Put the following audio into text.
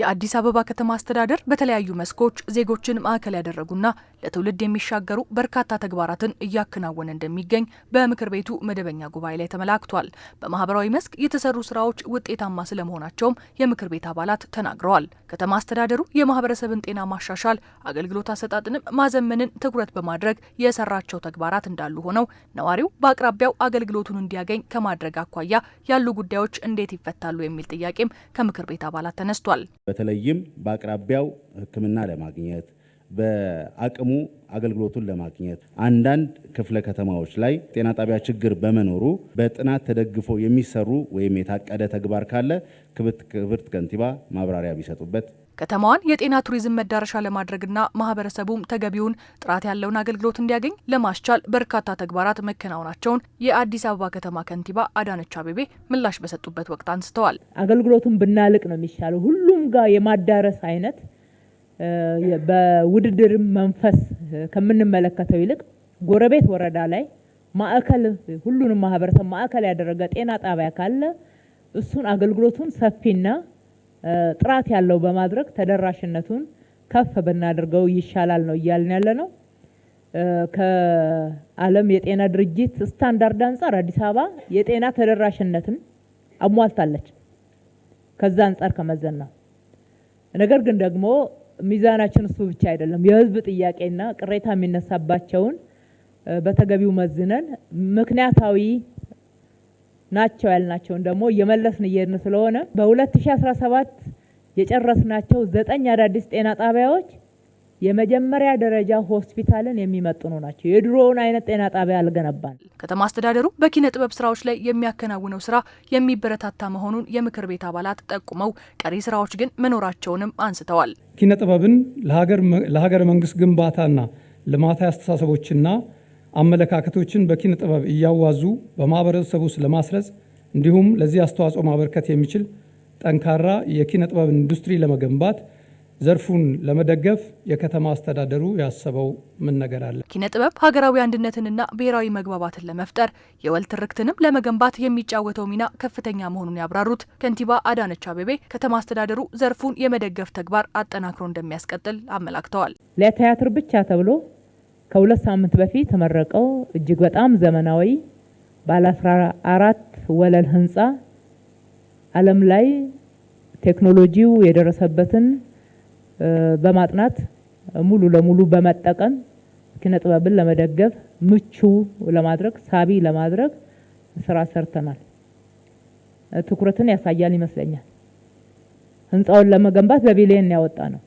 የአዲስ አበባ ከተማ አስተዳደር በተለያዩ መስኮች ዜጎችን ማዕከል ያደረጉና ለትውልድ የሚሻገሩ በርካታ ተግባራትን እያከናወነ እንደሚገኝ በምክር ቤቱ መደበኛ ጉባኤ ላይ ተመላክቷል። በማህበራዊ መስክ የተሰሩ ስራዎች ውጤታማ ስለመሆናቸውም የምክር ቤት አባላት ተናግረዋል። ከተማ አስተዳደሩ የማህበረሰብን ጤና ማሻሻል፣ አገልግሎት አሰጣጥንም ማዘመንን ትኩረት በማድረግ የሰራቸው ተግባራት እንዳሉ ሆነው ነዋሪው በአቅራቢያው አገልግሎቱን እንዲያገኝ ከማድረግ አኳያ ያሉ ጉዳዮች እንዴት ይፈታሉ የሚል ጥያቄም ከምክር ቤት አባላት ተነስቷል። በተለይም በአቅራቢያው ሕክምና ለማግኘት በአቅሙ አገልግሎቱን ለማግኘት አንዳንድ ክፍለ ከተማዎች ላይ ጤና ጣቢያ ችግር በመኖሩ በጥናት ተደግፎ የሚሰሩ ወይም የታቀደ ተግባር ካለ ክብርት ከንቲባ ማብራሪያ ቢሰጡበት። ከተማዋን የጤና ቱሪዝም መዳረሻ ለማድረግና ማህበረሰቡም ተገቢውን ጥራት ያለውን አገልግሎት እንዲያገኝ ለማስቻል በርካታ ተግባራት መከናወናቸውን የአዲስ አበባ ከተማ ከንቲባ አዳነች አቤቤ ምላሽ በሰጡበት ወቅት አንስተዋል። አገልግሎቱን ብናልቅ ነው የሚሻለው ሁሉም ጋር የማዳረስ አይነት በውድድርም መንፈስ ከምንመለከተው ይልቅ ጎረቤት ወረዳ ላይ ማዕከል ሁሉንም ማህበረሰብ ማዕከል ያደረገ ጤና ጣቢያ ካለ እሱን አገልግሎቱን ሰፊና ጥራት ያለው በማድረግ ተደራሽነቱን ከፍ ብናደርገው ይሻላል ነው እያልን ያለ ነው። ከዓለም የጤና ድርጅት ስታንዳርድ አንጻር አዲስ አበባ የጤና ተደራሽነትን አሟልታለች። ከዛ አንጻር ከመዘን ነው። ነገር ግን ደግሞ ሚዛናችን እሱ ብቻ አይደለም። የህዝብ ጥያቄና ቅሬታ የሚነሳባቸውን በተገቢው መዝነን ምክንያታዊ ናቸው ያልናቸውን ደግሞ እየመለስን እየሄድን ስለሆነ በ2017 የጨረስናቸው ዘጠኝ አዳዲስ ጤና ጣቢያዎች የመጀመሪያ ደረጃ ሆስፒታልን የሚመጥኑ ናቸው። የድሮውን አይነት ጤና ጣቢያ አልገነባን። ከተማ አስተዳደሩ በኪነ ጥበብ ስራዎች ላይ የሚያከናውነው ስራ የሚበረታታ መሆኑን የምክር ቤት አባላት ጠቁመው ቀሪ ስራዎች ግን መኖራቸውንም አንስተዋል። ኪነ ጥበብን ለሀገር መንግስት ግንባታና ልማታዊ አስተሳሰቦችና አመለካከቶችን በኪነ ጥበብ እያዋዙ በማህበረሰብ ውስጥ ለማስረጽ እንዲሁም ለዚህ አስተዋጽኦ ማበርከት የሚችል ጠንካራ የኪነ ጥበብ ኢንዱስትሪ ለመገንባት ዘርፉን ለመደገፍ የከተማ አስተዳደሩ ያሰበው ምን ነገር አለ? ኪነ ጥበብ ሀገራዊ አንድነትንና ብሔራዊ መግባባትን ለመፍጠር የወል ትርክትንም ለመገንባት የሚጫወተው ሚና ከፍተኛ መሆኑን ያብራሩት ከንቲባ አዳነች አቤቤ ከተማ አስተዳደሩ ዘርፉን የመደገፍ ተግባር አጠናክሮ እንደሚያስቀጥል አመላክተዋል። ለቲያትር ብቻ ተብሎ ከሁለት ሳምንት በፊት ተመረቀው እጅግ በጣም ዘመናዊ ባለ አስራ አራት ወለል ህንፃ ዓለም ላይ ቴክኖሎጂው የደረሰበትን በማጥናት ሙሉ ለሙሉ በመጠቀም ኪነ ጥበብን ለመደገፍ ምቹ ለማድረግ ሳቢ ለማድረግ ስራ ሰርተናል። ትኩረትን ያሳያል ይመስለኛል። ህንፃውን ለመገንባት በቢሊየን ነው